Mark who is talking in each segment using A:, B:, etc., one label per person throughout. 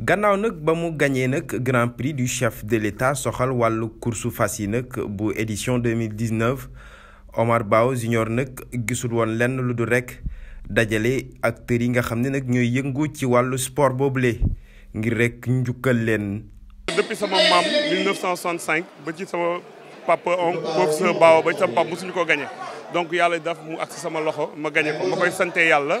A: gannaaw nag ba mu gagné nag grand prix du chef de l'État soxal wàllu course fas yi nag bu édition 2019 Omar Bao junior nag gisul woon lenn lu du rek dajale acteurs yi nga xam ne nag ñooy yëngu ci wàllu sport boobule ngir rek njukkal leen.
B: depuis sama maam 1965 ba ci sama papa on professeur Bao ba ci sama papa mosuñu ko gagné donc yàlla daf mu agsi sama loxo ma gagné ko ma koy sante yàlla.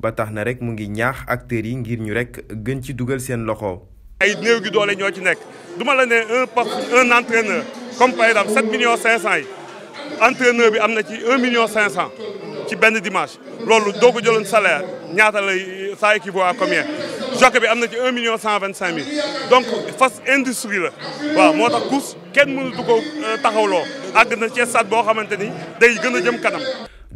A: ba tax na rek mu ngi ñaax acteurs yi ngir ñu rek gën ci dugal seen loxo.
B: ay néew gi doole ñoo ci nekk duma la ne un un entraîneur comme par exemple 7 millions 500 yi entraîneur bi am na ci un million cinq 500 ci benn dimanche loolu doo ko jëloon salaire ñaata lay ça équivaut à combien jockey bi am na ci 1 million 125 mille donc fas industrie la waaw moo tax course kenn mënu du ko euh, taxawloo àgg na ci stade boo xamante ni day gën a jëm kanam.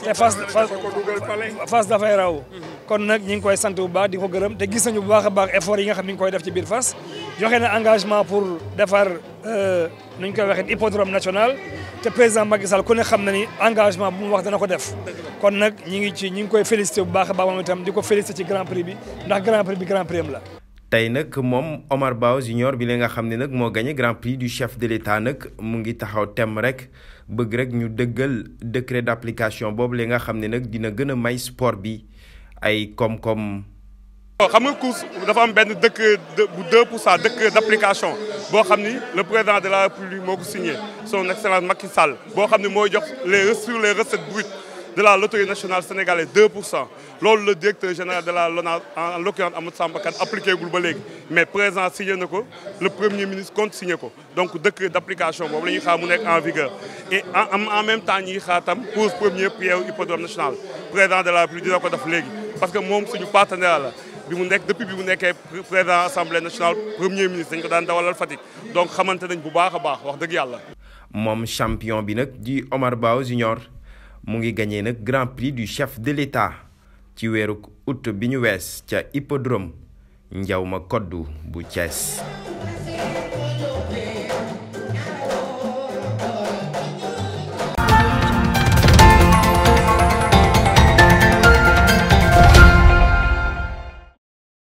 C: te fas fas dafay raw kon nag ñi ngi koy sant bu baax di ko gërëm te gis nañu bu baax a baax effort yi nga xam ni ngi koy def ci biir fas joxe na engagement pour defar euh, nu ñu koy waxee hippodrome national te président Macky Sall ku ne xam na ni engagement bu mu wax dana ko def kon nag ñi ngi ci ñi ngi koy félicité bu baax a baax moom itam di ko félicité ci grand prix bi ndax grand prix bi grand prix am la
A: tey Omar junior bi grand prix du chef de l'État nag mu ngi taxaw rek rek décret d'application la nga xam sport bi ay xam
B: nga dafa am benn d'application le président de la République signé son excellence Macky Sall boo les recettes brutes de la loterie nationale sénégalaise 2 lors le directeur général de la lona en l'occurrence Amadou Samba appliqué gul ba mais présent signé le premier ministre compte signé ko donc décret d'application est en vigueur et en même temps il y a tam pose première pierre hippodrome national président de la République dina ko parce que moom suñu partenaire la bi mu depuis bi est présent président assemblée nationale premier ministre dañ ko daan la donc xamante nañ bu la a de wax dëgg
A: champion bi di Omar Baou, Junior mu ngi gagné nag grand prix du chef de l'État ci weeru août bi ñu wees ca hippodrome njaw ma koddu bu Thiès